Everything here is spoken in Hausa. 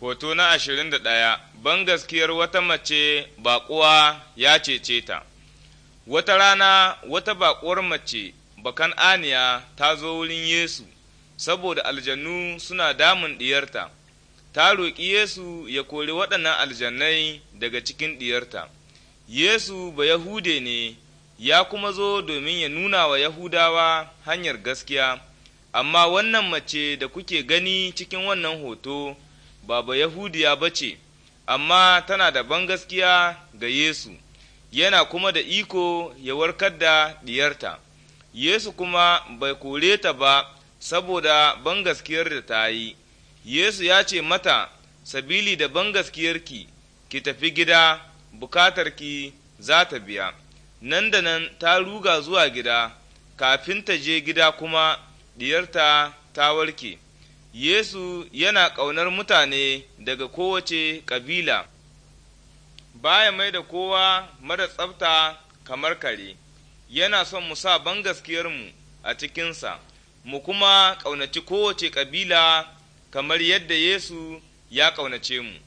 Hoto na ashirin da ɗaya, ban gaskiyar wata mace baƙuwa ya cece ta. Wata rana wata baƙuwar mace bakan aniya ta zo wurin Yesu, saboda aljannu suna damun ɗiyarta, ta roƙi Yesu ya kori waɗannan aljannai daga cikin ɗiyarta. Yesu ba Yahude ne, ya kuma zo domin ya nuna wa Yahudawa hanyar gaskiya, amma wannan mace da kuke gani cikin wannan hoto. ba ba Yahudiya ba ce, amma tana da bangaskiya ga Yesu, yana kuma da iko ya warkar da diyarta. Yesu kuma bai kore ta ba saboda bangaskiyar da ta yi, Yesu ya ce mata, Sabili da bangaskiyarki, ki tafi gida, bukatarki za ta biya. Nan da nan ta ruga zuwa gida, kafin ta je gida kuma diyarta ta warke. Yesu yana ƙaunar mutane daga kowace ƙabila, ya mai da kowa mara tsafta kamar kare, yana son mu sa ban gaskiyarmu a cikinsa, mu kuma ƙaunaci kowace ƙabila kamar yadda Yesu ya ƙaunace mu.